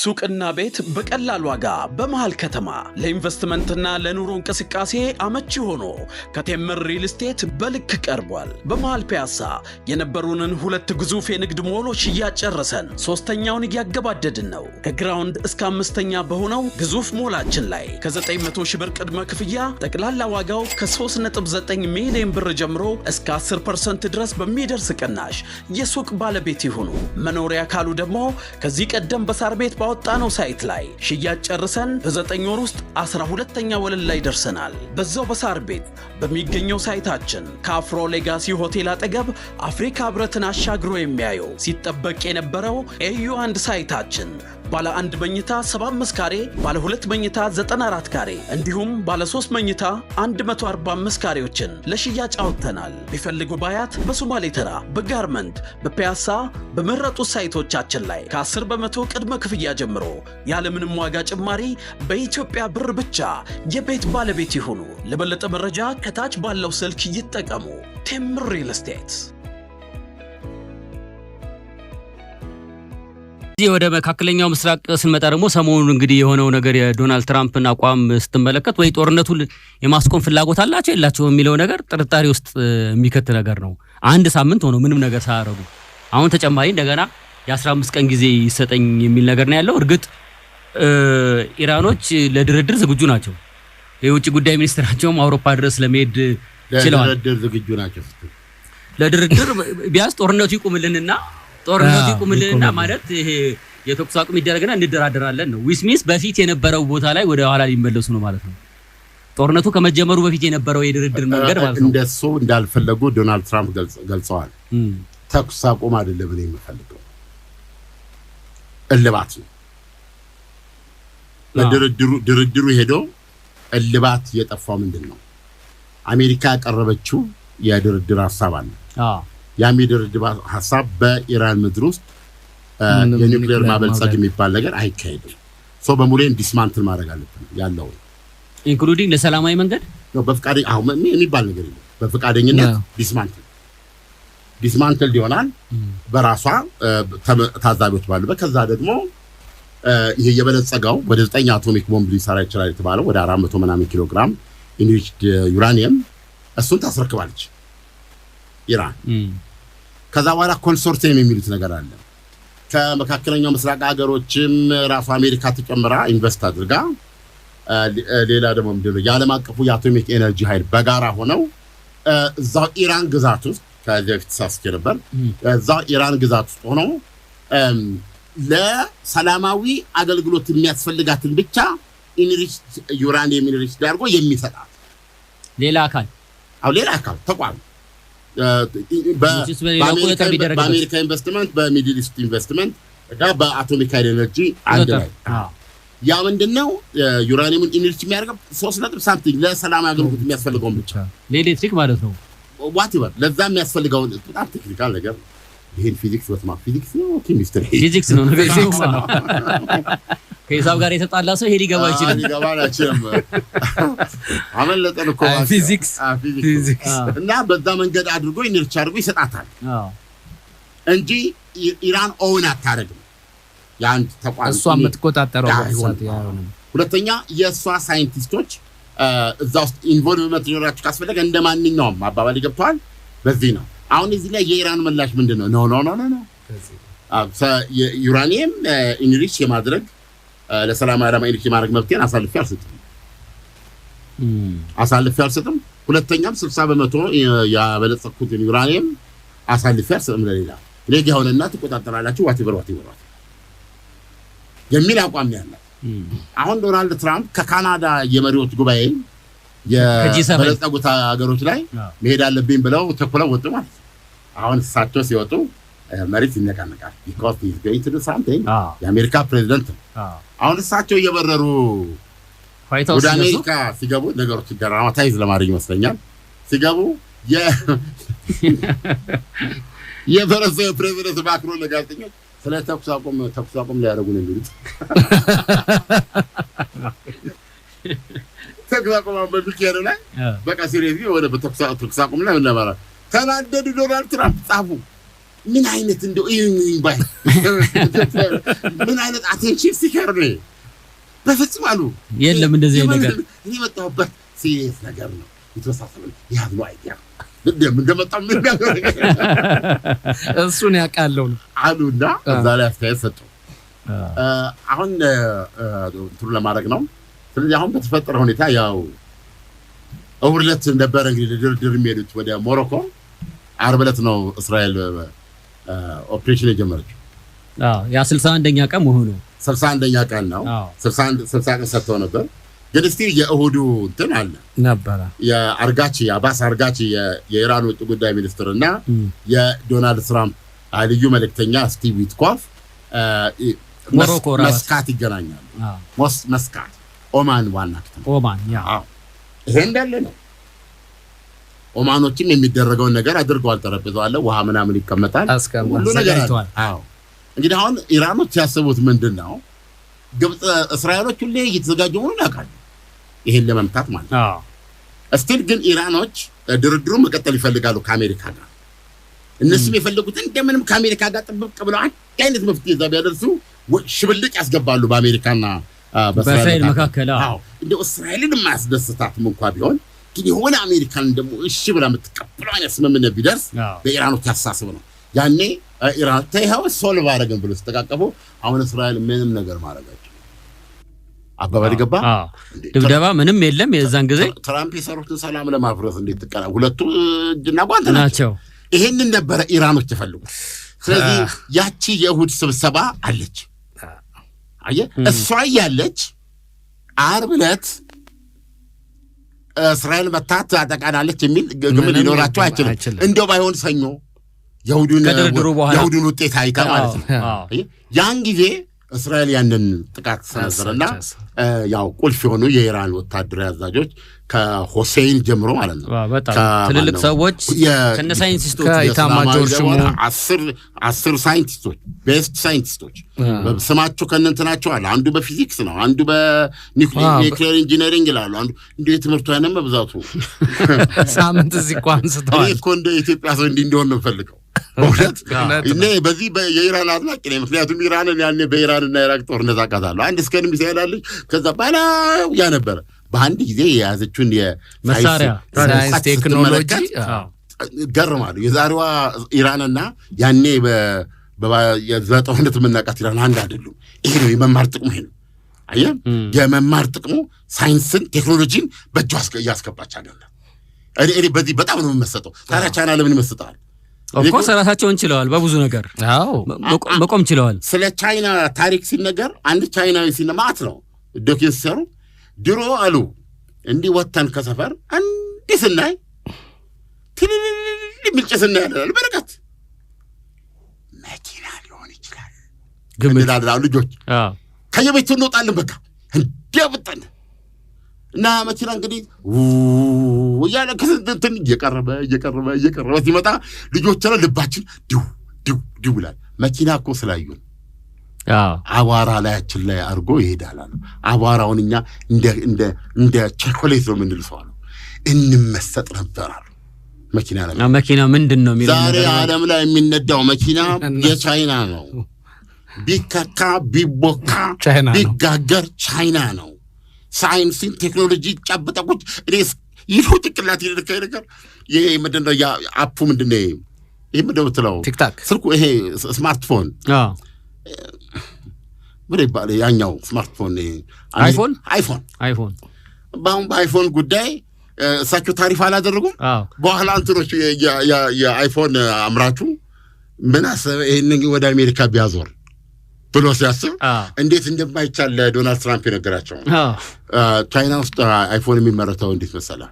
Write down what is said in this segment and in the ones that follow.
ሱቅና ቤት በቀላል ዋጋ በመሃል ከተማ ለኢንቨስትመንትና ለኑሮ እንቅስቃሴ አመቺ ሆኖ ከቴምር ሪል ስቴት በልክ ቀርቧል። በመሃል ፒያሳ የነበሩንን ሁለት ግዙፍ የንግድ ሞሎች እያጨረሰን ሶስተኛውን እያገባደድን ነው። ከግራውንድ እስከ አምስተኛ በሆነው ግዙፍ ሞላችን ላይ ከ900 ሺህ ብር ቅድመ ክፍያ ጠቅላላ ዋጋው ከ3.9 ሚሊዮን ብር ጀምሮ እስከ 10 ፐርሰንት ድረስ በሚደርስ ቅናሽ የሱቅ ባለቤት ይሁኑ። መኖሪያ ካሉ ደግሞ ከዚህ ቀደም በሳር ቤት ያወጣነው ሳይት ላይ ሽያጭ ጨርሰን በዘጠኝ ወር ውስጥ አስራ ሁለተኛ ወለል ላይ ደርሰናል። በዛው በሳር ቤት በሚገኘው ሳይታችን ከአፍሮ ሌጋሲ ሆቴል አጠገብ አፍሪካ ህብረትን አሻግሮ የሚያየው ሲጠበቅ የነበረው ኤዩ አንድ ሳይታችን ባለ አንድ መኝታ 75 ካሬ፣ ባለ ሁለት መኝታ 94 ካሬ እንዲሁም ባለ ሶስት መኝታ 145 ካሬዎችን ለሽያጭ አውጥተናል። ቢፈልጉ ባያት፣ በሶማሌ ተራ፣ በጋርመንት፣ በፒያሳ በመረጡ ሳይቶቻችን ላይ ከ10 በመቶ ቅድመ ክፍያ ጀምሮ ያለምንም ዋጋ ጭማሪ በኢትዮጵያ ብር ብቻ የቤት ባለቤት ይሁኑ። ለበለጠ መረጃ ከታች ባለው ስልክ ይጠቀሙ። ቴምር ሪል ስቴት እዚህ ወደ መካከለኛው ምስራቅ ስንመጣ ደግሞ ሰሞኑን እንግዲህ የሆነው ነገር የዶናልድ ትራምፕን አቋም ስትመለከት ወይ ጦርነቱን የማስቆም ፍላጎት አላቸው የላቸው የሚለው ነገር ጥርጣሬ ውስጥ የሚከት ነገር ነው። አንድ ሳምንት ሆነው ምንም ነገር ሳያረጉ አሁን ተጨማሪ እንደገና የ15 ቀን ጊዜ ይሰጠኝ የሚል ነገር ነው ያለው። እርግጥ ኢራኖች ለድርድር ዝግጁ ናቸው። የውጭ ጉዳይ ሚኒስትራቸውም አውሮፓ ድረስ ለመሄድ ችለዋል። ለድርድር ዝግጁ ናቸው። ለድርድር ቢያንስ ጦርነቱ ይቁምልንና ጦርነቱ ይቁምልንና ማለት ይሄ የተኩስ አቁም ይደረግና እንደራደራለን ነው። ዊስሚስ በፊት የነበረው ቦታ ላይ ወደ ኋላ ሊመለሱ ነው ማለት ነው። ጦርነቱ ከመጀመሩ በፊት የነበረው የድርድር መንገድ ማለት ነው። እንደሱ እንዳልፈለጉ ዶናልድ ትራምፕ ገልጸዋል። ተኩስ አቁም አይደለም እኔ የምፈልገው እልባት ነው። ለድርድሩ ድርድሩ ሄዶ እልባት የጠፋው ምንድን ነው? አሜሪካ ያቀረበችው የድርድር ሀሳብ አለ የአሜሪካ ድብደባ ሀሳብ በኢራን ምድር ውስጥ የኒውክሌር ማበልጸግ የሚባል ነገር አይካሄድም። ሰው በሙሌ ዲስማንትል ማድረግ አለብን ያለው ኢንክሉዲንግ ለሰላማዊ መንገድ በፍቃደ የሚባል ነገር የለም። በፍቃደኝነት ዲስማንትል ዲስማንትል ሊሆናል በራሷ ታዛቢዎች ባሉበት። ከዛ ደግሞ ይሄ የበለጸገው ወደ ዘጠኝ አቶሚክ ቦምብ ሊሰራ ይችላል የተባለው ወደ አራት መቶ ምናምን ኪሎ ግራም ኢንሪችድ ዩራኒየም እሱን ታስረክባለች ኢራን ከዛ በኋላ ኮንሶርቲየም የሚሉት ነገር አለ። ከመካከለኛው ምስራቅ ሀገሮችም ራሱ አሜሪካ ተጨምራ ኢንቨስት አድርጋ ሌላ ደግሞ ምንድን ነው የዓለም አቀፉ የአቶሚክ ኤነርጂ ኃይል በጋራ ሆነው እዛው ኢራን ግዛት ውስጥ ከዚህ በፊት ሳስኬ ነበር። እዛው ኢራን ግዛት ውስጥ ሆነው ለሰላማዊ አገልግሎት የሚያስፈልጋትን ብቻ ኢንሪች ዩራኒየም ኢንሪች ዳርጎ የሚሰጣት ሌላ አካል አዎ ሌላ አካል ተቋም በአሜሪካ ኢንቨስትመንት በሚድል ኢስት ኢንቨስትመንት እና በአቶሚክ ኃይል ኤነርጂ አንድ ላይ ያ ምንድን ነው ዩራኒየሙን ኢነርጂ የሚያደርገው ሶስት ነጥብ ሳምቲንግ ለሰላም አገልግሎት የሚያስፈልገውን ብቻ ለኤሌክትሪክ ማለት ነው ዋት ይበር ለዛ የሚያስፈልገውን በጣም ቴክኒካል ነገር ነው ይሄን ፊዚክስ በስማ ፊዚክስ ነው ኬሚስትሪ ፊዚክስ ነው ፊዚክስ ነው። ከሂሳብ ጋር የተጣላ ሰው ይሄ ሊገባ ይችላል ሊገባ አይችልም። አመለጠን እኮ ፊዚክስ እና በዛ መንገድ አድርጎ ኢነርጂ አድርጎ ይሰጣታል እንጂ ኢራን ኦውን አታደርግም። የአንድ ተቋም እሷ የምትቆጣጠረው ሁለተኛ የእሷ ሳይንቲስቶች እዛ ውስጥ ኢንቮልቭመንት ሊኖራቸው ካስፈለገ እንደ ማንኛውም አባባል ይገብተዋል። በዚህ ነው አሁን እዚህ ላይ የኢራን ምላሽ ምንድን ነው? ኖ ኖ ኖ ኖ ዩራኒየም ኢንሪች የማድረግ ለሰላም ዓላማ ኢንሪች የማድረግ መብቴን አሳልፌ አልሰጥም አሳልፌ አልሰጥም። ሁለተኛም ስልሳ በመቶ ያበለጸኩትን ዩራኒየም አሳልፌ አልሰጥም ለሌላ ሬግ የሆነና ትቆጣጠራላችሁ ዋቴቨር ዋቴቨር የሚል አቋም ያላት አሁን ዶናልድ ትራምፕ ከካናዳ የመሪዎች ጉባኤ የበለጸጉት ሀገሮች ላይ መሄድ አለብኝ ብለው ተኩለው ወጡ ማለት አሁን እሳቸው ሲወጡ መሬት ይነቃነቃል። ቢኮዝ ኢዝ ጎይንግ ቱ ዱ ሳምቲንግ የአሜሪካ ፕሬዚደንት ነው። አሁን እሳቸው እየበረሩ ወደ አሜሪካ ሲገቡ ነገሮች ድራማታይዝ ለማድረግ ይመስለኛል ሲገቡ የፈረሰ ፕሬዚደንት ማክሮ ለጋዜጠኞች ስለ ተኩስ አቁም ተኩስ አቁም ሊያደርጉ ነው የሚሉት ተኩስ አቁም በሚካሄድ ላይ በቃ ሲሪየስ ወደ ተኩስ አቁም ላይ ነበር ተናደዱ። ዶናልድ ትራምፕ ጻፉ። ምን አይነት እንደው ይባይ ምን አይነት አቴንሽን ሲከር ነው። በፍጹም አሉ የለም እንደዚህ ነገር እኔ ሲሪየስ ነገር ነው የተወሳሰበ ያሉ አይዲያ እንደመጣም እሱን ያውቃለው ነው አሉና እዛ ላይ አስተያየት ሰጡ። አሁን እንትኑ ለማድረግ ነው ስለዚህ አሁን በተፈጠረ ሁኔታ ያው እሑድ ዕለት ነበረ እንግዲህ ድርድር የሚሄዱት ወደ ሞሮኮ። አርብ ዕለት ነው እስራኤል ኦፕሬሽን የጀመረችው። ያ ስልሳ አንደኛ ቀን መሆኑ ስልሳ አንደኛ ቀን ነው። ስልሳ ቀን ሰጥተው ነበር፣ ግን እስቲ የእሁዱ እንትን አለ ነበረ የአርጋቺ አባስ አርጋቺ የኢራን ውጭ ጉዳይ ሚኒስትር እና የዶናልድ ትራምፕ ልዩ መልእክተኛ ስቲቭ ዊትኮፍ መስካት ይገናኛሉ መስካት ኦማን ዋና ከተማ ኦማን። ይሄ እንዳለ ነው። ኦማኖችም የሚደረገውን ነገር አድርገዋል። ጠረጴዛው አለ፣ ውሃ ምናምን ይቀመጣል፣ ሁሉ ነገር አለ። እንግዲህ አሁን ኢራኖች ያሰቡት ምንድን ነው? ግብፅ እስራኤሎች ሁሌ እየተዘጋጁ መሆኑን ያውቃሉ፣ ይሄን ለመምታት ማለት ነው። እስቲል ግን ኢራኖች ድርድሩ መቀጠል ይፈልጋሉ ከአሜሪካ ጋር። እነሱም የፈለጉት እንደምንም ከአሜሪካ ጋር ጥብቅ ብለው አንድ አይነት መፍትሄ እዛ ቢያደርሱ ሽብልቅ ያስገባሉ በአሜሪካና በእስራኤል መካከል እንደ እስራኤልን ማያስደስታትም እንኳ ቢሆን ግን የሆነ አሜሪካን ደግሞ እሺ ብላ የምትቀበለው አይነት ስምምነት ቢደርስ በኢራኖች አሳስብ ነው። ያኔ ኢራን ተይኸው ሶልቭ አደረግን ብሎ ሲተቃቀፉ፣ አሁን እስራኤል ምንም ነገር ማድረጋቸው አባባል ገባ ድብደባ ምንም የለም። የዛን ጊዜ ትራምፕ የሰሩትን ሰላም ለማፍረስ እንዴት ትቀና ሁለቱ እጅና ጓንት ናቸው። ይሄንን ነበረ ኢራኖች ይፈልጉ። ስለዚህ ያቺ የእሁድ ስብሰባ አለች አየህ እሷ እያለች ዓርብ ዕለት እስራኤል መታት ታጠቃናለች የሚል ግምት ሊኖራቸው አይችልም። እንደው ባይሆን ሰኞ የሁዱን ውጤት አይታ ማለት ነው ያን ጊዜ እስራኤል ያንን ጥቃት ሰነዘረና ያው ቁልፍ የሆኑ የኢራን ወታደራዊ አዛዦች ከሆሴይን ጀምሮ ማለት ነው ትልልቅ ሰዎች ከነ ሳይንቲስቶች አስር አስር ሳይንቲስቶች ቤስት ሳይንቲስቶች ስማቸው ከነንትናቸው አለ። አንዱ በፊዚክስ ነው፣ አንዱ በኒክሌር ኢንጂነሪንግ ይላሉ፣ አንዱ እንዲ የትምህርቱ አይነት በብዛቱ ሳምንት እዚህ እኮ አንስተዋል እኮ እንደ ኢትዮጵያ ሰው እንዲ እንዲሆን ነው ፈልገው በእውነት እኔ በዚህ የኢራን አድናቂ ነኝ። ምክንያቱም ኢራንን ያኔ በኢራንና ኢራቅ ጦርነት አውቃታለሁ። አንድ እስከንም ይሳሄዳለች ከዛ ባላው ያ ነበረ በአንድ ጊዜ የያዘችውን የመሳሪያ ቴክኖሎጂ ገርማሉ። የዛሬዋ ኢራንና ያኔ በጦርነት የምናውቃት ኢራን አንድ አይደሉም። ይሄ ነው የመማር ጥቅሙ። ይሄ ነው አየህ፣ የመማር ጥቅሙ ሳይንስን ቴክኖሎጂን በእጇ እያስገባች አገና እኔ በዚህ በጣም ነው የምመሰጠው። ታዲያ ቻይና ለምን ይመስጠዋል? ኦፍኮርስ ራሳቸውን ችለዋል። በብዙ ነገር መቆም ችለዋል። ስለ ቻይና ታሪክ ሲነገር አንድ ቻይናዊ ሲነማት ነው ዶኪን ሲሰሩ ድሮ አሉ እንዲህ ወተን ከሰፈር እንዲህ ስናይ ትልልል ሚልጭ ስናይ ያለናል በርቀት መኪና ሊሆን ይችላል ግምላላ ልጆች ከየቤቱ እንወጣለን። በቃ እንዲያ ብጠን እና መኪና እንግዲህ እያለ እንትን እየቀረበ እየቀረበ እየቀረበ ሲመጣ ልጆች ላይ ልባችን ይላል። መኪና እኮ አቧራ ላያችን ላይ አድርጎ ይሄዳል አሉ። አቧራውን እኛ እንደ ቸኮሌት ነው የምንልሰው አሉ። እንመሰጥ ነበር አሉ። መኪና መኪና ምንድን ነው? ዛሬ ዓለም ላይ የሚነዳው መኪና የቻይና ነው። ቢከካ ቢቦካ ቢጋገር ቻይና ነው። ሳይንስን ቴክኖሎጂ ጨብጠቁች እኔ ይህ ነው ጭንቅላት የነካኝ ነገር። ይሄ ምንድን ነው? አፑ ምንድን ነው? ይህ ምንድን ምትለው? ቲክታክ ስልኩ ይሄ ስማርትፎን ምን ይባል ያኛው ስማርትፎን አይፎን አይፎን አይፎን። በአሁን በአይፎን ጉዳይ እሳቸው ታሪፍ አላደረጉም። በኋላ እንትኖች የአይፎን አምራቹ ምን አሰበ? ይህን ወደ አሜሪካ ቢያዞር ብሎ ሲያስብ እንዴት እንደማይቻል ለዶናልድ ትራምፕ የነገራቸው ቻይና ውስጥ አይፎን የሚመረተው እንዴት መሰለ?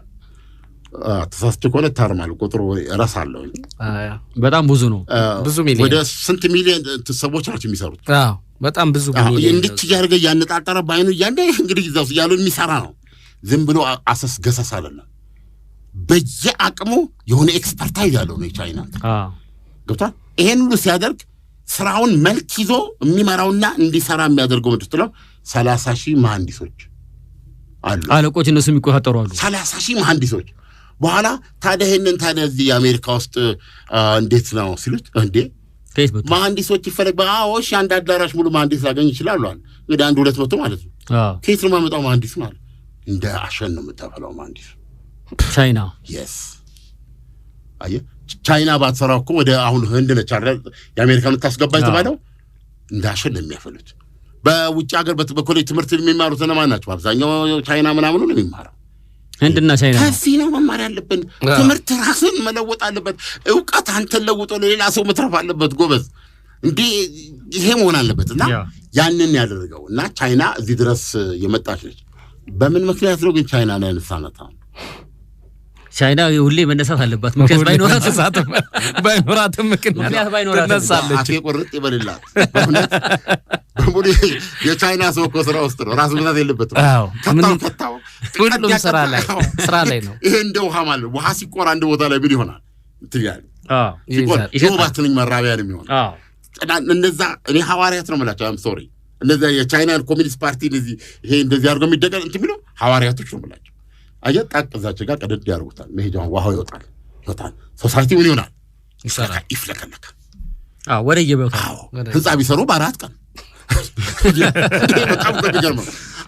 ተሳስቼ ከሆነ ታርማል ቁጥሩ ረስ አለው። በጣም ብዙ ነው። ብዙ ሚሊዮን ወደ ስንት ሚሊዮን ሰዎች ናቸው የሚሰሩት። በጣም ብዙ እንድች እያደረገ እያነጣጠረ በአይኑ እያንደ እንግዲህ ዛ እያሉ የሚሰራ ነው። ዝም ብሎ አሰስ ገሰስ አለና በየአቅሙ የሆነ ኤክስፐርታይዝ ያለው ነው የቻይና ገብቷል። ይሄን ሁሉ ሲያደርግ ስራውን መልክ ይዞ የሚመራውና እንዲሰራ የሚያደርገው ምድትለው ሰላሳ ሺህ መሐንዲሶች አሉ። አለቆች እነሱ የሚቆጣጠሩ አሉ። ሰላሳ ሺህ መሐንዲሶች በኋላ ታዲያ ይህንን ታዲያ እዚህ የአሜሪካ ውስጥ እንዴት ነው ሲሉት፣ እንዴ መሐንዲሶች ይፈለግ በአዎሽ አንድ አዳራሽ ሙሉ መሐንዲስ ላገኝ ይችላሉ አለ። እንግዲህ አንድ ሁለት መቶ ማለት ነው። ኬት ነው የማመጣው መሐንዲስ ማለት እንደ አሸን ነው የምታፈላው መሐንዲሱ ቻይና የስ አየህ ቻይና ባትሰራ እኮ ወደ አሁን ህንድ ነች የአሜሪካ ምታስገባ የተባለው እንዳሸን ነው የሚያፈሉት። በውጭ ሀገር በኮሌጅ ትምህርት የሚማሩት እነማን ናቸው? አብዛኛው ቻይና ምናምኑ ነው የሚማረው። ህንድና ቻይና ከዚህ ነው መማር ያለብን። ትምህርት ራስን መለወጥ አለበት። እውቀት አንተን ለውጦ ለሌላ ሰው መትረፍ አለበት። ጎበዝ እንዴ ይሄ መሆን አለበት። እና ያንን ያደረገው እና ቻይና እዚህ ድረስ የመጣች ነች። በምን ምክንያት ነው ግን ቻይና ላይ ንሳነታ ቻይና ሁሌ መነሳት አለባት። ምክንያት ባይኖራት ምክንያት ትነሳለች። አፌ ቁርጥ ይበልላት። በሙሉ የቻይና ሰው እኮ ስራ ውስጥ ነው። ራስ ምናት የለበትም። ሁሉም ስራ ላይ ስራ ላይ ነው። ይሄ እንደ ውሃ ማለት ውሃ ሲቆር አንድ ቦታ ላይ ምን ይሆናል? ትያል ሲቆር የወባትንኝ መራቢያ ነው የሚሆን እነዛ እኔ ሐዋርያት ነው የምላቸው አም ሶሪ እነዚ የቻይናን ኮሚኒስት ፓርቲ እዚህ ይሄ እንደዚህ አድርገው የሚደቀል እንትን የሚለው ሐዋርያቶች ነው የምላቸው አየጣ ከዛች ጋር ቀደድ ያደርጉታል። መሄጃውን ውሃው ይወጣል ይወጣል። ሶሳይቲ ምን ይሆናል? ይፍለከለከ ወደ የበ ህንፃ ቢሰሩ በአራት ቀን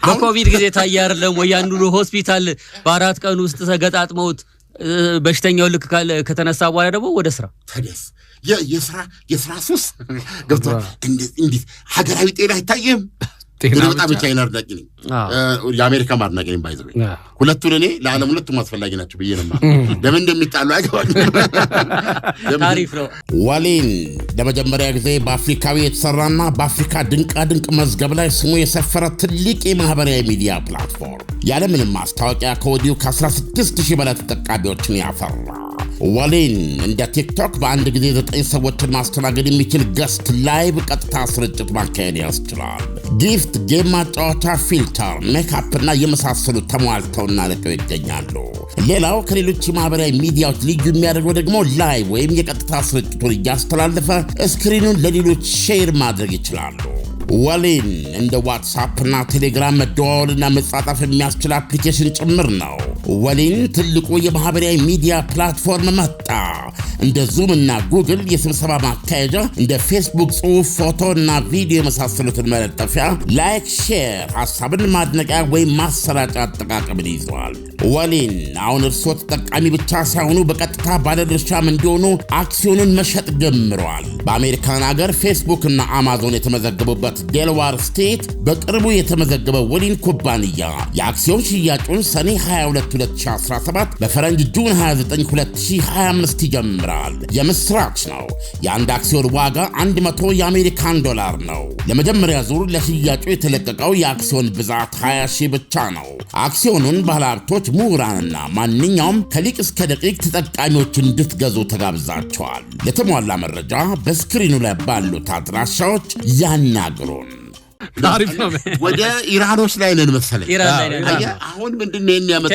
በኮቪድ ጊዜ ታየ አይደለም ወይ? አንዱ ሆስፒታል በአራት ቀን ውስጥ ተገጣጥመውት በሽተኛው ልክ ከተነሳ በኋላ ደግሞ ወደ ስራ ተደስ የስራ ሱስ ገብቷል። እንዴት ሀገራዊ ጤና አይታየም እኔ በጣም የቻይና አድናቂ ነኝ፣ የአሜሪካ አድናቂ ነኝ። ባይዘ ሁለቱን እኔ ለዓለም ሁለቱም አስፈላጊ ናቸው ብዬ ነማ። ለምን እንደሚጣሉ ነው። ዋሊን ለመጀመሪያ ጊዜ በአፍሪካዊ የተሰራና በአፍሪካ ድንቃ ድንቅ መዝገብ ላይ ስሙ የሰፈረ ትልቅ የማህበራዊ ሚዲያ ፕላትፎርም ያለምንም ማስታወቂያ ከወዲሁ ከ16 ሺህ በላይ ተጠቃሚዎችን ያፈራ ዋሊን እንደ ቲክቶክ በአንድ ጊዜ ዘጠኝ ሰዎችን ማስተናገድ የሚችል ገስት ላይቭ ቀጥታ ስርጭት ማካሄድ ያስችላል። ጊፍት ስፖርት፣ ጌም ማጫወቻ፣ ፊልተር፣ ሜካፕና የመሳሰሉ ተሟልተውና ይገኛሉ። ሌላው ከሌሎች የማህበራዊ ሚዲያዎች ልዩ የሚያደርገው ደግሞ ላይቭ ወይም የቀጥታ ስርጭቱን እያስተላለፈ ስክሪኑን ለሌሎች ሼር ማድረግ ይችላሉ። ወሊን እንደ ዋትሳፕና ቴሌግራም መደዋወልና መጻጣፍ የሚያስችል አፕሊኬሽን ጭምር ነው። ወሊን ትልቁ የማህበራዊ ሚዲያ ፕላትፎርም መጣ። እንደ ዙም እና ጉግል የስብሰባ ማካሄጃ፣ እንደ ፌስቡክ ጽሑፍ፣ ፎቶ እና ቪዲዮ የመሳሰሉትን መለጠፊያ፣ ላይክ፣ ሼር፣ ሀሳብን ማድነቂያ ወይም ማሰራጫ አጠቃቀምን ይዘዋል። ወሊን አሁን እርስዎ ተጠቃሚ ብቻ ሳይሆኑ በቀጥታ ባለድርሻም እንዲሆኑ አክሲዮንን መሸጥ ጀምረዋል። በአሜሪካን አገር ፌስቡክ እና አማዞን የተመዘገቡበት ዴልዋር ስቴት በቅርቡ የተመዘገበ ወሊን ኩባንያ የአክሲዮን ሽያጩን ሰኔ 22 2017 በፈረንጅ ጁን 29 2025 ይጀምራል። የምስራች ነው። የአንድ አክሲዮን ዋጋ 100 የአሜሪካን ዶላር ነው። ለመጀመሪያ ዙር ለሽያጩ የተለቀቀው የአክሲዮን ብዛት 20 ሺህ ብቻ ነው። አክሲዮኑን ባለሀብቶች ሰዎች፣ ምሁራንና ማንኛውም ከሊቅ እስከ ደቂቅ ተጠቃሚዎች እንድትገዙ ተጋብዛቸዋል። የተሟላ መረጃ በስክሪኑ ላይ ባሉት አድራሻዎች ያናግሩን። ወደ ኢራኖች ላይ ነን መሰለኝ። አሁን ምንድን ነው የሚያመጣ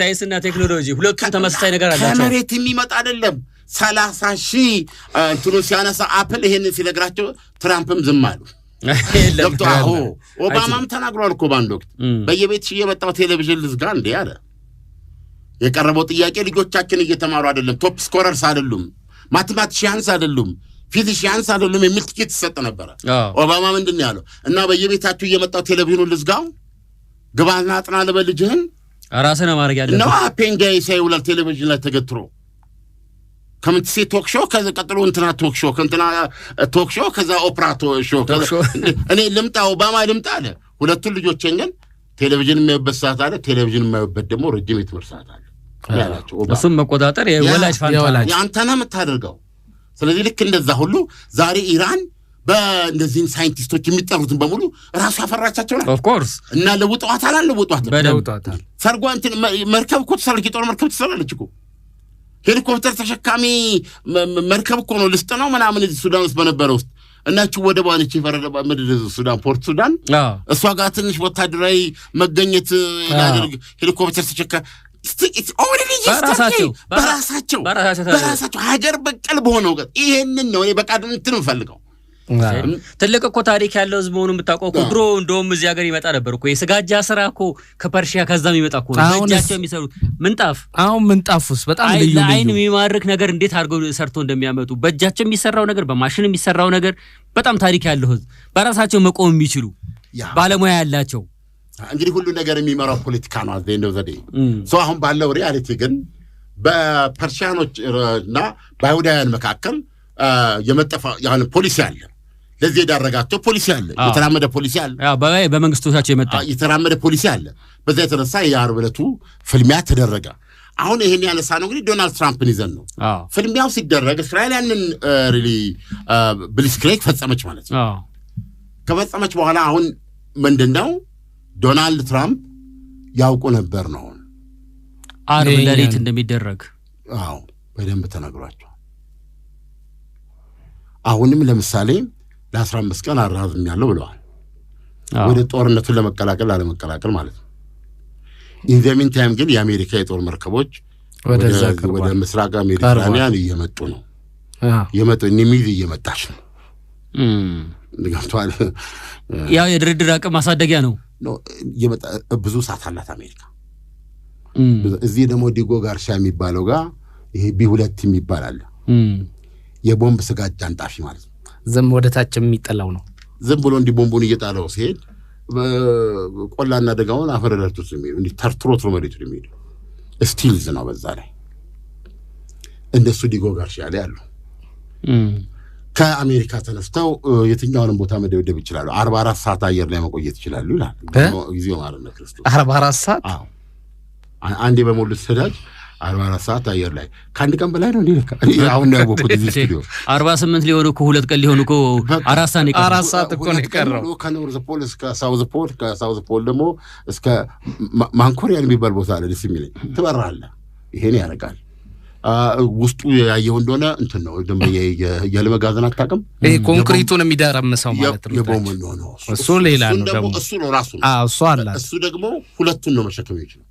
ሳይንስና ቴክኖሎጂ ሁለቱም ተመሳሳይ ነገር አላቸው። ከመሬት የሚመጣ አይደለም። ሰላሳ ሺህ እንትኑ ሲያነሳ አፕል ይሄንን ሲነግራቸው ትራምፕም ዝም አሉ። ገብቶ ኦባማም ተናግሯል እኮ በአንድ ወቅት በየቤት እየመጣው ቴሌቪዥን ልዝጋ እንዴ አለ። የቀረበው ጥያቄ ልጆቻችን እየተማሩ አይደለም፣ ቶፕ ስኮረርስ አይደሉም፣ ማትማቲሽያንስ አይደሉም፣ ፊዚሽያንስ አይደሉም የሚል ትችት ይሰጥ ነበረ። ኦባማ ምንድን ነው ያለው? እና በየቤታችሁ እየመጣው ቴሌቪዥኑ ልዝጋው ግባና አጥና ልበል ልጅህን ራስን ማድረግ ያለ ነው። ፔንጋ ሳይ ውላል ቴሌቪዥን ላይ ተገትሮ ከምትሴ ቶክ ሾ ከዚ ቀጥሎ እንትና ቶክ ሾ እንትና ቶክ ሾ ከዛ ኦፕራ ሾ እኔ ልምጣ ኦባማ ልምጣ አለ። ሁለቱን ልጆቼን ግን ቴሌቪዥን የማይበት ሰዓት አለ። ቴሌቪዥን የማይበት ደግሞ ረጅም የትምህርት ሰዓት አለ። እሱም መቆጣጠር የወላጅ ፋንታ የአንተ ነህ የምታደርገው። ስለዚህ ልክ እንደዛ ሁሉ ዛሬ ኢራን በእንደዚህም ሳይንቲስቶች የሚጠሩትን በሙሉ ራሱ ያፈራቻቸው ናት። ኦፍኮርስ እና ለውጠዋታል፣ አልለውጠዋትም። ሰርጓ እንትን መርከብ እኮ ትሰራለች፣ የጦር መርከብ ትሰራለች እኮ ሄሊኮፕተር ተሸካሚ መርከብ እኮ ነው። ልስጥ ነው ምናምን እዚህ ሱዳን ውስጥ በነበረ ውስጥ እናችሁ ወደ ባነች የፈረደባ ምድር ሱዳን ፖርት ሱዳን እሷ ጋር ትንሽ ወታደራዊ መገኘት ያደርግ ሄሊኮፕተር ተሸካ በራሳቸው በራሳቸው በራሳቸው ሀገር በቀል በሆነ እውቀት ይሄንን ነው እኔ በቃ እንትን እንፈልገው ትልቅ እኮ ታሪክ ያለው ህዝብ መሆኑን የምታውቀው እኮ ድሮ እንደውም እዚህ ሀገር ይመጣ ነበር እኮ የስጋጃ ስራ እኮ ከፐርሺያ ከዛ የሚመጣ እኮ እጃቸው የሚሰሩት ምንጣፍ። አሁን ምንጣፍ ውስጥ በጣም ልዩ ለአይን የሚማርክ ነገር እንዴት አድርገው ሰርቶ እንደሚያመጡ በእጃቸው የሚሰራው ነገር፣ በማሽን የሚሰራው ነገር በጣም ታሪክ ያለው ህዝብ በራሳቸው መቆም የሚችሉ ባለሙያ ያላቸው እንግዲህ ሁሉ ነገር የሚመራው ፖለቲካ ነው። ዘንድ ዘዴ ሰው አሁን ባለው ሪያሊቲ ግን በፐርሺያኖች እና በአይሁዳውያን መካከል የመጠፋ ፖሊሲ አለ። ለዚህ የዳረጋቸው ፖሊሲ አለ፣ የተራመደ ፖሊሲ አለ፣ በመንግስቶቻቸው የመጣ የተራመደ ፖሊሲ አለ። በዛ የተነሳ የአርብ ዕለቱ ፍልሚያ ተደረገ። አሁን ይህን ያነሳ ነው እንግዲህ ዶናልድ ትራምፕን ይዘን ነው ፍልሚያው ሲደረግ እስራኤል ያንን ብሊስክሬክ ፈጸመች ማለት ነው። ከፈጸመች በኋላ አሁን ምንድን ነው ዶናልድ ትራምፕ ያውቁ ነበር ነው። አርብ ሌሊት እንደሚደረግ አዎ፣ በደንብ ተነግሯቸው አሁንም ለምሳሌ ለ አምስት ቀን አራዝም ያለው ብለዋል። ወደ ጦርነቱን ለመቀላቀል ላለመቀላቀል ማለት ነው። ኢንዘሚን ታይም ግን የአሜሪካ የጦር መርከቦች ወደ ምስራቅ ሜዲትራኒያን እየመጡ ነው የመጡ ኒሚዝ እየመጣች ነው። ያው የድርድር አቅም ማሳደጊያ ነው። ብዙ ሰዓት አላት አሜሪካ። እዚህ ደግሞ ዲጎ ጋርሻ የሚባለው ጋር ይሄ ቢ የሚባል የሚባላል የቦምብ ስጋት አንጣፊ ማለት ነው። ዝም ወደ ታች የሚጠላው ነው። ዝም ብሎ እንዲህ ቦምቡን እየጣለው ሲሄድ ቆላና ደጋውን አፈር ረድቶት የሚሄዱ እንዲህ ተርትሮት ነው መሬቱ የሚሄዱ ስቲልዝ ነው። በዛ ላይ እንደሱ ዲጎ ጋርሻ ላይ አሉ። ከአሜሪካ ተነስተው የትኛውንም ቦታ መደብደብ ይችላሉ። አርባ አራት ሰዓት አየር ላይ መቆየት ይችላሉ ይላል ጊዜው ማርነ ክርስቶስ። አርባ አራት ሰዓት አንዴ በሞሉት ሰዳጅ አርባ አራት ሰዓት አየር ላይ ከአንድ ቀን በላይ ነው። እንዲ አሁን ነው ያወቅሁት እዚህ ስቱዲዮ አርባ ስምንት ሊሆኑ እኮ ሁለት ቀን ሊሆኑ እኮ አራት ሰዓት አራት ሰዓት እኮ ነው የቀረው ከኖርዝ ፖል እስከ ሳውዝ ፖል፣ ከሳውዝ ፖል ደግሞ እስከ ማንኮሪያን የሚባል ቦታ አለ። ደስ የሚለኝ ትበራለህ። ይሄን ያደርጋል ውስጡ ያየው እንደሆነ እንትን ነው ደንበኛ የለመጋዘን አታውቅም። ይሄ ኮንክሪቱን የሚደረምሰው ማለት ነው። የቦመል ነው ነው እሱ ሌላ ነው ደግሞ እሱ ነው ራሱ እሱ አላት እሱ ደግሞ ሁለቱን ነው መሸከም ይችላል።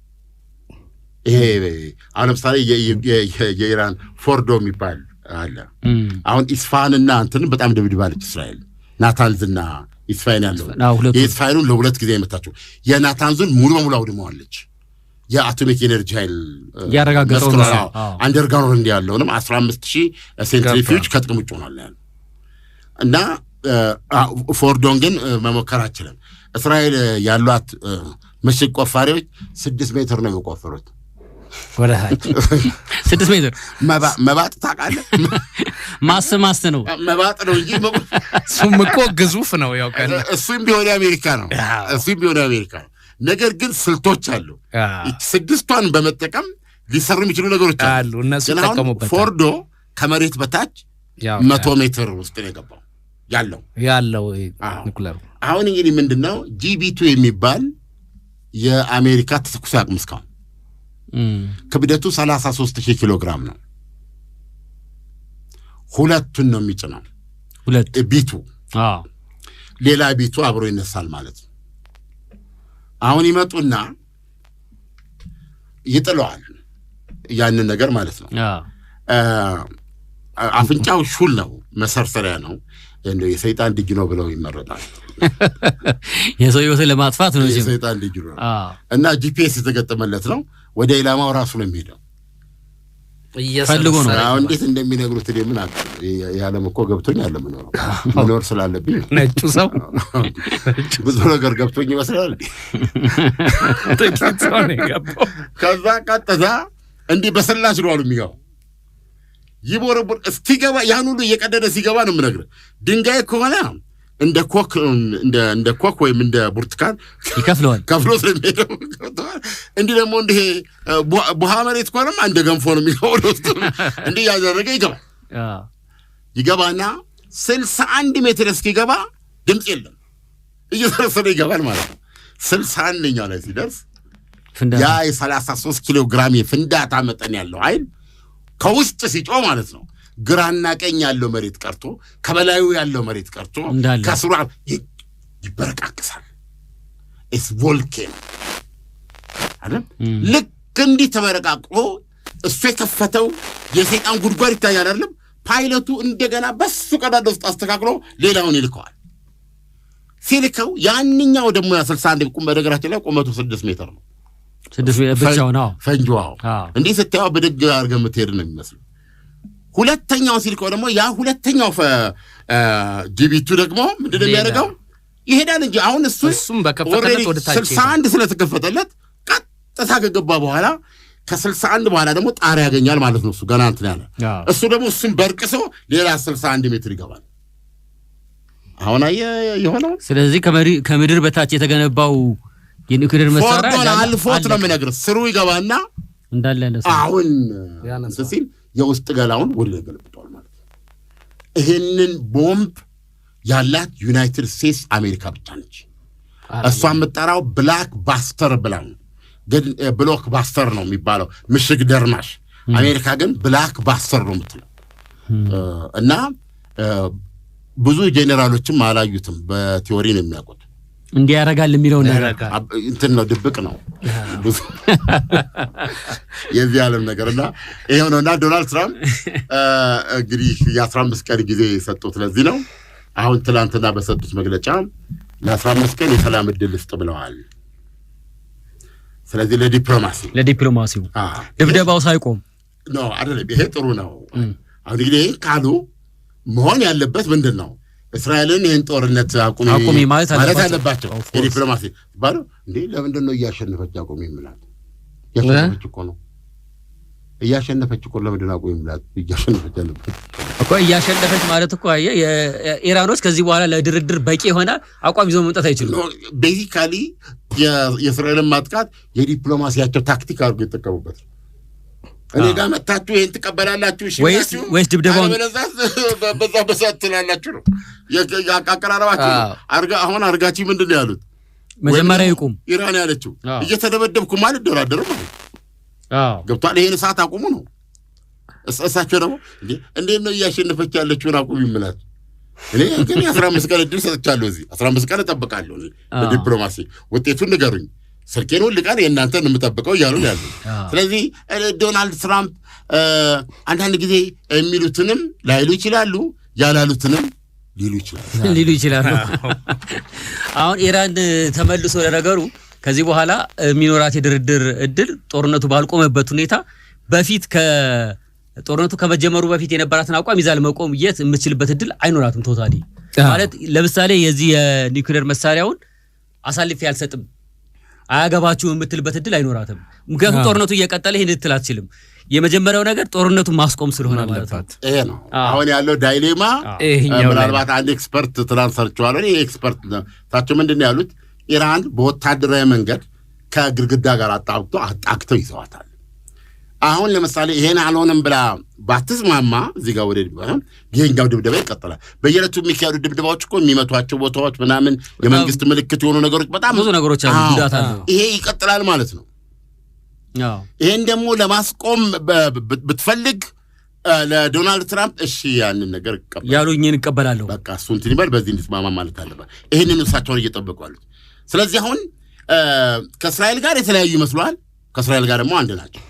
ይሄ አሁን ለምሳሌ የኢራን ፎርዶ የሚባል አለ። አሁን ኢስፋንና እንትንም በጣም ደብድባለች እስራኤል ናታንዝና ኢስፋን ያለው የኢስፋይኑን ለሁለት ጊዜ የመታቸው የናታንዙን ሙሉ በሙሉ አውድመዋለች። የአቶሚክ ኤነርጂ ኃይል ያረጋገጠ ያረጋገጠው እንዲ ያለውንም አስራ አምስት ሺህ ሴንትሪፊዩጅ ከጥቅም ውጭ ሆኗል ያሉ እና ፎርዶን ግን መሞከር አችለም። እስራኤል ያሏት ምሽግ ቆፋሪዎች ስድስት ሜትር ነው የሚቆፍሩት። ስድስት ሜትር መባጥ ታውቃለህ? ማስ ማስ ነው መባጥ ነው እንጂ እሱም እኮ ግዙፍ ነው። ያው እሱም ቢሆን የአሜሪካ ነው። እሱም ቢሆን የአሜሪካ ነው። ነገር ግን ስልቶች አሉ። ስድስቷን በመጠቀም ሊሰሩ የሚችሉ ነገሮች አሉ። ፎርዶ ከመሬት በታች መቶ ሜትር ውስጥ ነው የገባው ያለው ያለው ኒኩለሩ። አሁን እንግዲህ ምንድን ነው ጂቢቱ የሚባል የአሜሪካ ተተኩስ አቅም እስካሁን ክብደቱ ሶስት ሺህ ኪሎ ግራም ነው። ሁለቱን ነው የሚጭነው። ሁለት ቢቱ ሌላ ቢቱ አብሮ ይነሳል ማለት ነው። አሁን ይመጡና ይጥለዋል ያንን ነገር ማለት ነው። አፍንጫው ሹል ነው፣ መሰርሰሪያ ነው። የሰይጣን ልጅ ነው ብለው ይመረጣል። የሰው ህይወትን ለማጥፋት ነው። የሰይጣን ልጅ ነው እና ጂፒኤስ የተገጠመለት ነው። ወደ ኢላማው ራሱ ነው የሚሄደው። ፈልጎ ነው አሁን እንዴት እንደሚነግሩት ምን የዓለም እኮ ገብቶኝ አለ ምኖረው መኖር ስላለብኝ ነጩ ሰው ብዙ ነገር ገብቶኝ ይመስላል። ጥቂት ሰው ነው የገባው። ከዛ ቀጥታ እንዲህ በስላች ነው አሉ የሚገባው ይቦረቦር እስኪገባ ያን ሁሉ እየቀደደ ሲገባ ነው የምነግርህ ድንጋይ ከሆነ እንደ ኮክ እንደ እንደ ኮክ ወይም እንደ ብርቱካን ይከፍለዋል ከፍሎ ስለሚሄደው እንዲህ ደግሞ እንዲህ ቡሃ መሬት ከሆነም አንደ ገንፎ ነው የሚገባው ውስጥ እንዲህ እያደረገ ይገባል። ይገባና ስልሳ አንድ ሜትር እስኪገባ ድምፅ የለም እየሰረሰረ ይገባል ማለት ነው። ስልሳ አንደኛው ላይ ሲደርስ ያ የሰላሳ ሶስት ኪሎ ግራም የፍንዳታ መጠን ያለው ኃይል ከውስጥ ሲጮ ማለት ነው ግራና ቀኝ ያለው መሬት ቀርቶ ከበላዩ ያለው መሬት ቀርቶ ከስሩ ይበረቃቅሳል። ኢትስ ቮልኬን አይደል? ልክ እንዲህ ተበረቃቅሎ እሱ የከፈተው የሰይጣን ጉድጓድ ይታያል አይደለም? ፓይለቱ እንደገና በሱ ቀዳዳ ውስጥ አስተካክሎ ሌላውን ይልከዋል። ሲልከው ያንኛው ደግሞ ያ ስልሳ አንድ ቁም በነገራችን ላይ ቁመቱ ስድስት ሜትር ነው። ስድስት ብቻው ነው ፈንጂዋው። እንዲህ ስታየው ብድግ አድርገህ የምትሄድ ነው የሚመስለው ሁለተኛው ሲልቀው ደግሞ ያ ሁለተኛው ጂቢቱ ደግሞ ምንድን ነው የሚያደርገው? ይሄዳል እንጂ አሁን እሱ ስልሳ አንድ ስለተከፈተለት ቀጥታ ከገባ በኋላ ከስልሳ አንድ በኋላ ደግሞ ጣሪ ያገኛል ማለት ነው። እሱ ገና እንትን ያለ እሱ ደግሞ እሱን በርቅሶ ሌላ ስልሳ አንድ ሜትር ይገባል። አሁን አየ የሆነ ስለዚህ ከምድር በታች የተገነባው የኒውክሌር መሳሪያ አልፎት ነው የምነግርህ ስሩ ይገባና እንዳለ አሁን ሲል የውስጥ ገላውን ወደ ላይ ገለብጠዋል ማለት ነው። ይሄንን ቦምብ ያላት ዩናይትድ ስቴትስ አሜሪካ ብቻ ነች። እሷ የምጠራው ብላክ ባስተር ብላ ግን ብሎክ ባስተር ነው የሚባለው ምሽግ ደርማሽ። አሜሪካ ግን ብላክ ባስተር ነው የምትለው እና ብዙ ጄኔራሎችም አላዩትም። በቲዎሪ ነው የሚያውቁት እንዲህ ያደርጋል የሚለው እንትን ነው፣ ድብቅ ነው የዚህ ዓለም ነገር እና ይሄው ነው እና ዶናልድ ትራምፕ እንግዲህ የአስራ አምስት ቀን ጊዜ የሰጡት ለዚህ ነው። አሁን ትናንትና በሰጡት መግለጫ ለአስራ አምስት ቀን የሰላም እድል ውስጥ ብለዋል። ስለዚህ ለዲፕሎማሲ ለዲፕሎማሲው ድብደባው ሳይቆም ነው ይሄ ጥሩ ነው። አሁን እንግዲህ ይህ ካሉ መሆን ያለበት ምንድን ነው እስራኤልን ይህን ጦርነት አቁሚ ማለት አለባቸው። የዲፕሎማሲ ባሉ እንዲህ ለምንድን ነው እያሸነፈች አቁሚ ምላት? እያሸነፈች እኮ ነው እያሸነፈች እኮ ለምንድን አቁሚ ምላት? እያሸነፈች አለበት እኮ እያሸነፈች ማለት እኮ ኢራኖች ከዚህ በኋላ ለድርድር በቂ የሆነ አቋም ይዞ መምጣት አይችሉም። ቤዚካሊ የእስራኤልን ማጥቃት የዲፕሎማሲያቸው ታክቲክ አድርጎ የተጠቀሙበት ነው። እኔ ጋር መታችሁ ይሄን ትቀበላላችሁ፣ ወይስ ድብደባ በዛ በዛ ትላላችሁ ነው አቀራረባችሁ። አሁን አርጋቺ ምንድን ነው ያሉት? መጀመሪያ ይቁም ኢራን ያለችው እየተደበደብኩ አልደራደርም ማለት ገብቷል። ይሄን ሰዓት አቁሙ ነው። እሳቸው ደግሞ እንዴት ነው እያሸነፈች ያለችውን አቁም ይምላት። እኔ ግን የአስራ አምስት ቀን እድል ሰጥቻለሁ። እዚህ አስራ አምስት ቀን እጠብቃለሁ በዲፕሎማሲ ውጤቱን ንገሩኝ። ስልኬን ሁል ቀን የእናንተን የምጠብቀው እያሉ ያሉ። ስለዚህ ዶናልድ ትራምፕ አንዳንድ ጊዜ የሚሉትንም ላይሉ ይችላሉ፣ ያላሉትንም ሊሉ ይችላሉ ሊሉ ይችላሉ። አሁን ኢራን ተመልሶ ለነገሩ ከዚህ በኋላ የሚኖራት የድርድር እድል ጦርነቱ ባልቆመበት ሁኔታ በፊት ጦርነቱ ከመጀመሩ በፊት የነበራትን አቋም ይዛ ለመቆም የት የምትችልበት እድል አይኖራትም። ቶታሊ ማለት ለምሳሌ የዚህ የኒውክሌር መሳሪያውን አሳልፌ አልሰጥም አያገባችሁም የምትልበት እድል አይኖራትም። ምክንያቱም ጦርነቱ እየቀጠለ ይህን ልትል አትችልም። የመጀመሪያው ነገር ጦርነቱን ማስቆም ስለሆነ ማለት ነው። ይሄ ነው አሁን ያለው ዳይሌማ። ምናልባት አንድ ኤክስፐርት ትናንት ሰርችዋለ ኤክስፐርት ታቸው ምንድን ነው ያሉት? ኢራን በወታደራዊ መንገድ ከግድግዳ ጋር አጣብቶ አጣክተው ይዘዋታል። አሁን ለምሳሌ ይሄን አልሆነም ብላ ባትስማማ እዚህ ጋር ወደ ይሄኛው ድብደባ ይቀጥላል። በየዕለቱ የሚካሄዱ ድብደባዎች እኮ የሚመቷቸው ቦታዎች ምናምን የመንግስት ምልክት የሆኑ ነገሮች በጣም ብዙ ነገሮች አሉ። ይሄ ይቀጥላል ማለት ነው። ይሄን ደግሞ ለማስቆም ብትፈልግ ለዶናልድ ትራምፕ እሺ ያንን ነገር ያሉኝን እቀበላለሁ፣ በቃ እሱ እንትን ይበል፣ በዚህ እንድትማማ ማለት አለበት። ይህንን እሳቸውን እየጠበቁ ያሉት። ስለዚህ አሁን ከእስራኤል ጋር የተለያዩ ይመስለዋል፣ ከእስራኤል ጋር ደግሞ አንድ ናቸው።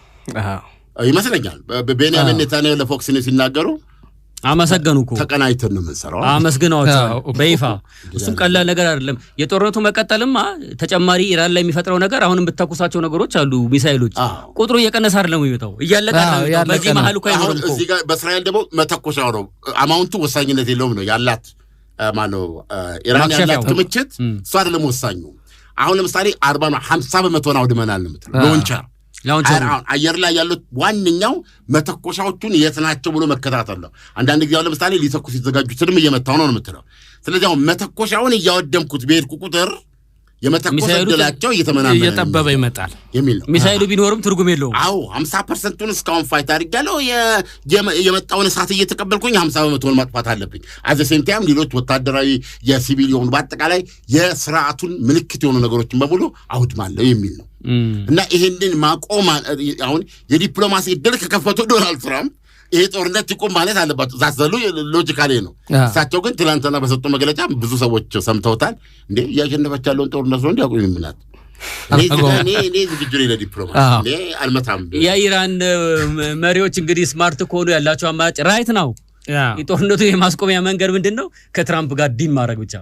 ይመስለኛል። ቤንያሚን ኔታንያሁ ለፎክስ ኒውስ ሲናገሩ አመሰገኑ እኮ ተቀናይተን ነው የምንሰራው። አመስግናዎቻቸው በይፋ እሱም ቀላል ነገር አይደለም። የጦርነቱ መቀጠልማ ተጨማሪ ኢራን ላይ የሚፈጥረው ነገር አሁንም የምትተኩሳቸው ነገሮች አሉ፣ ሚሳይሎች ቁጥሩ እየቀነሰ አይደለም የሚመጣው እያለቀ በዚህ መሀል እኮ አይኖርም እዚህ ጋር በእስራኤል ደግሞ መተኮሻው ነው አማውንቱ ወሳኝነት የለውም ነው ያላት ማነው ኢራን ያላት ክምችት እሷ አይደለም ወሳኙ። አሁን ለምሳሌ አርባ ነው ሀምሳ በመቶ አውድመናል ነው የምትለው ሎንቸር አየር ላይ ያሉት ዋነኛው መተኮሻዎቹን የት ናቸው ብሎ መከታተል ነው። አንዳንድ ጊዜ ለምሳሌ ሊተኩስ የተዘጋጁትንም እየመታው ነው ነው የምትለው። ስለዚህ አሁን መተኮሻውን እያወደምኩት በሄድኩ ቁጥር የመተኮስ እየተመናመነ እየጠበበ ይመጣል የሚል ነው። ሚሳይሉ ቢኖርም ትርጉም የለውም። አዎ ሀምሳ ፐርሰንቱን እስካሁን ፋይት አድርጊያለሁ። የመጣውን እሳት እየተቀበልኩኝ ሀምሳ በመቶውን ማጥፋት አለብኝ። አዘሴንቲያም ሌሎች ወታደራዊ፣ የሲቪል የሆኑ በአጠቃላይ የስርዓቱን ምልክት የሆኑ ነገሮችን በሙሉ አውድማለሁ የሚል ነው እና ይሄንን ማቆም አሁን የዲፕሎማሲ እድል ከከፈቱ ዶናልድ ትራምፕ ይሄ ጦርነት ይቁም ማለት አለባቸው። ዛዘሉ ሎጂካሌ ነው። እሳቸው ግን ትላንትና በሰጡ መግለጫ ብዙ ሰዎች ሰምተውታል። እንዴ እያሸነፈች ያለውን ጦርነት ነው እንዲያቆም ምናት የኢራን መሪዎች እንግዲህ ስማርት ከሆኑ ያላቸው አማራጭ ራይት ነው። የጦርነቱ የማስቆሚያ መንገድ ምንድን ነው? ከትራምፕ ጋር ዲን ማድረግ ብቻ፣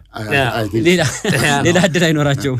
ሌላ እድል አይኖራቸውም።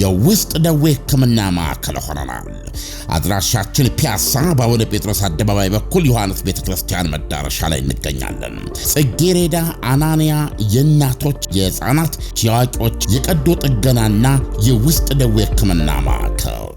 የውስጥ ደዌ ሕክምና ማዕከል ሆነናል። አድራሻችን ፒያሳ በአቡነ ጴጥሮስ አደባባይ በኩል ዮሐንስ ቤተ ክርስቲያን መዳረሻ ላይ እንገኛለን። ጽጌሬዳ፣ አናንያ የእናቶች የሕፃናት፣ የአዋቂዎች የቀዶ ጥገናና የውስጥ ደዌ ሕክምና ማዕከል